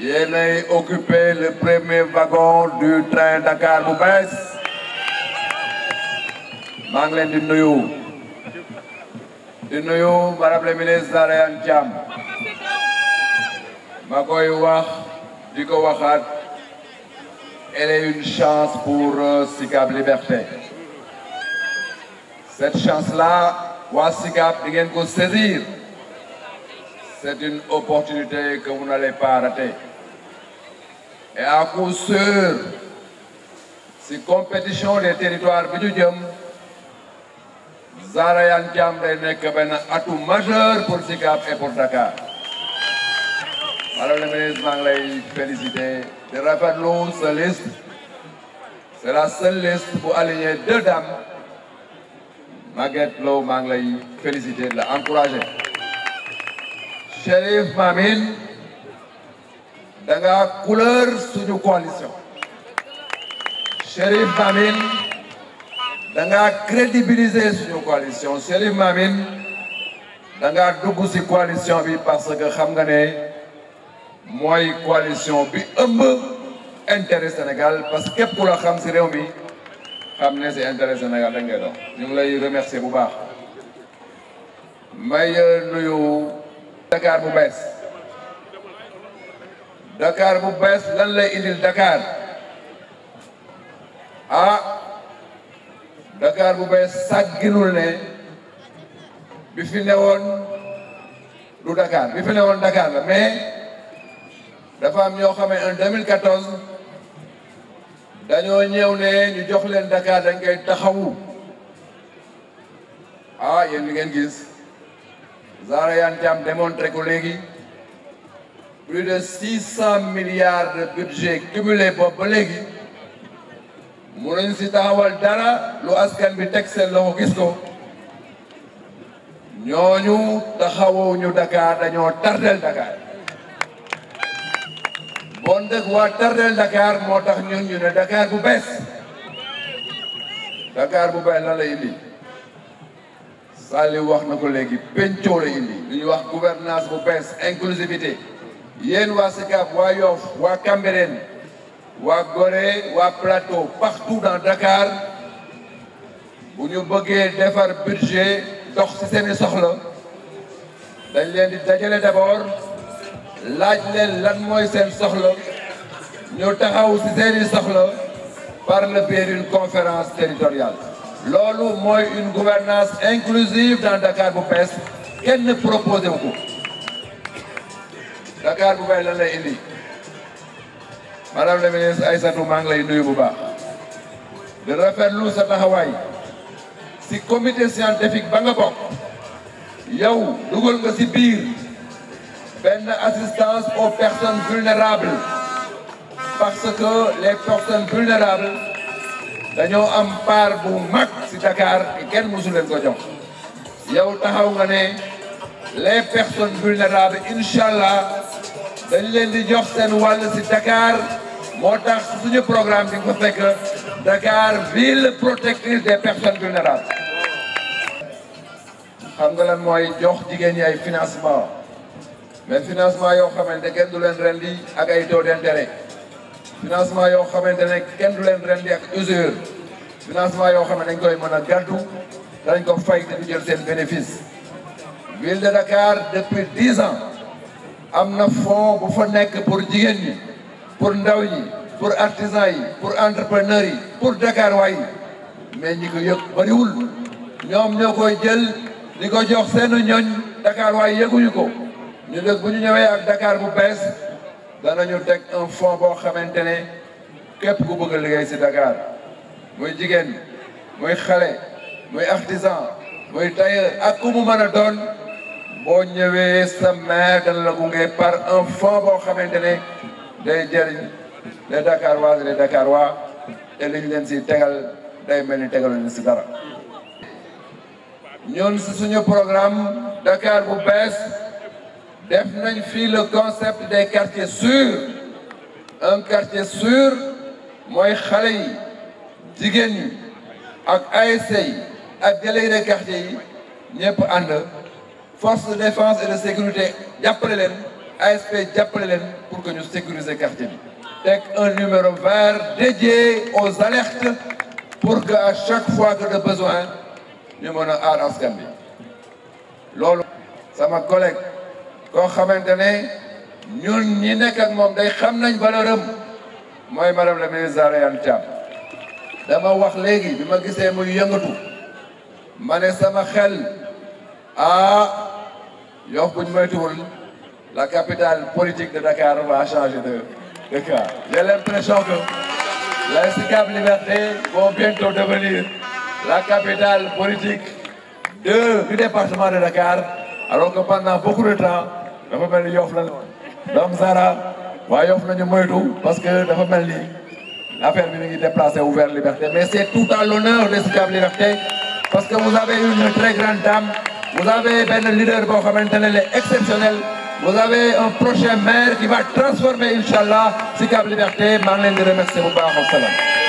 yéenay occuper le premier wagon du train Dakar bu bees maa ngi leen di nuyu di nuyu madame le ministre Ndeye Thiam ma koy wax di ko elle est une chance pour euh, Sicap Liberté cette chance là waa Sicap di saisir c'est une opportunité que vous n'allez pas rater et à coup sûr si compétition des territoires bi ñu jëm Zahra Iyane Thiam day nekk pour Sicap et pour Dakar madame la ministre maa ngi lay féliciter de rafetlu sa liste c'est la seule liste bu aligner deux dames Maguette Lo maa ngi de la encourager Chérif da nga couleur suñu coalition Chérif Mamine da nga crédibiliser suñu coalition Chérif Mamine da nga dugg ci coalition bi parce que xam nga ne mooy coalition bi ëmb intérêt Sénégal parce que képp ku la xam ci réew bi xam ne ci intérêt Sénégal da ngay dox ñu lay remercier bu baax may nuyu Dakar bu bees Dakar bu bees lan lay indil ah, Dakar bu bees sàgginul ne bi fi newoon du Dakar bi fi newoon Dakar la mais dafa am ñoo xamee en dañoo ñëw ne ñu jox leen Dakar dañ koy taxawu ah yéen li gis Zahra Iyane Thiam démontré ko léegi. plus de six cent milliards budget cumulé boobu ba léegi mënuñ si taxawal dara lu askan bi teg seen loxo gis ko ñooñu taxawuñu Dakar dañoo tardel Dakar bon dëkk waa tardel Dakar moo tax ñun ñu ne Dakar bu bees Dakar bu bees lan la indi Saliou wax na ko léegi pencoo la indi lu ñuy wax gouvernance bu bees inclusivité yéen waa Sicap waa Yoff waa Cambérène waa Gorée waa Plateau partout dans Dakar bu ñu bëggee defar budget dox ci seeni soxla dañ leen di dajale d'abord laaj leen lan mooy seen soxla ñu taxaw ci seeni soxla par le biais d'une conférence territoriale loolu mooy une gouvernance inclusive dans Dakar bu bees kenn proposé ko Dakar bu bay lan lay indi madame la ministre Aïssatou maa ngi lay nuyu bu baax di rafetlu sa taxawaay si comité scientifique ba nga bokk yow dugal nga si biir benn assistance aux personnes vulnérables parce que les personnes vulnérables dañoo am part bu mag si Dakar kenn mësu leen ko jox nga ne les personnes vulnérables incha allah dañ leen di jox seen wàll si Dakar moo tax suñu programme bi nga ko fekk Dakar ville protectrice des personnes vulnérables. xam nga lan mooy jox jigéen ñi ay financement mais financement yoo xamante ne kenn du leen rendi ak ay taux d'intérêt financement yoo xamante ne kenn du leen rendi ak usure financement yoo xam ne dañ koy mën a gàddu dañ ko fay te du jël seen bénéfice. ville de Dakar depuis dix am na fonds bu fa nekk pour jigéen ñi pour ndaw ñi pour artisan yi pour entrepreneur yi pour Dakar waay mais ñi ko yëg bariwul ñoom ñoo koy jël di ko jox seen ñooñ Dakar waay yëguñu ko ñu dëkk bu ñu ñëwee ak dakaar bu bees danañu teg un fonds boo xamante ne képp ku bëgg a liggéey ci Dakar muy jigéen muy xale muy artisan muy tailleur ak ku mën a doon boo ñëwee sa maire dana la gunge par un fond boo xamante ne day jëriñ les Dakarois les Dakarois te li leen si tegal day mel ni tegalu leen si dara. ñun si suñu programme Dakar bu bees def nañ fii le concept des quartiers sûrs un quartier sûr mooy xale yi jigéen ñi ak ASC yi ak délégués de quartier yi ñëpp ànd. force de défense et le sécurité jàppale leen ASP jàppale leen pour que ñu sécuriser quartier bi teg un numéro vert dédié aux alertes pour que à chaque fois que de besoin ñu mën a aar askan bi loolu sama collègue koo xamante ne ñun ñi nekk ak moom day xam nañ valeur am mooy madame la ministre Zahra dama wax léegi bi ma gisee muy yëngatu ma ne sama xel ah Yoff bu ñu moytuwul la capitale politique de Dakar va changer de de cas. J'ai l'impression que la SICAP Liberté va bientôt devenir la capitale politique de du département de Dakar alors que pendant beaucoup de temps dafa mel ni Yoff la woon. donc Zara waa Yoff nañu moytu parce que dafa mel ni affaire bi mi ngi déplacé ouvert Liberté mais c'est tout à l'honneur de SICAP Liberté parce que vous avez une très grande dame. Vous avez un leader exceptionnel. Vous avez un prochain maire qui va transformer, Inch'Allah, Sikab Liberté. Je vous remercie.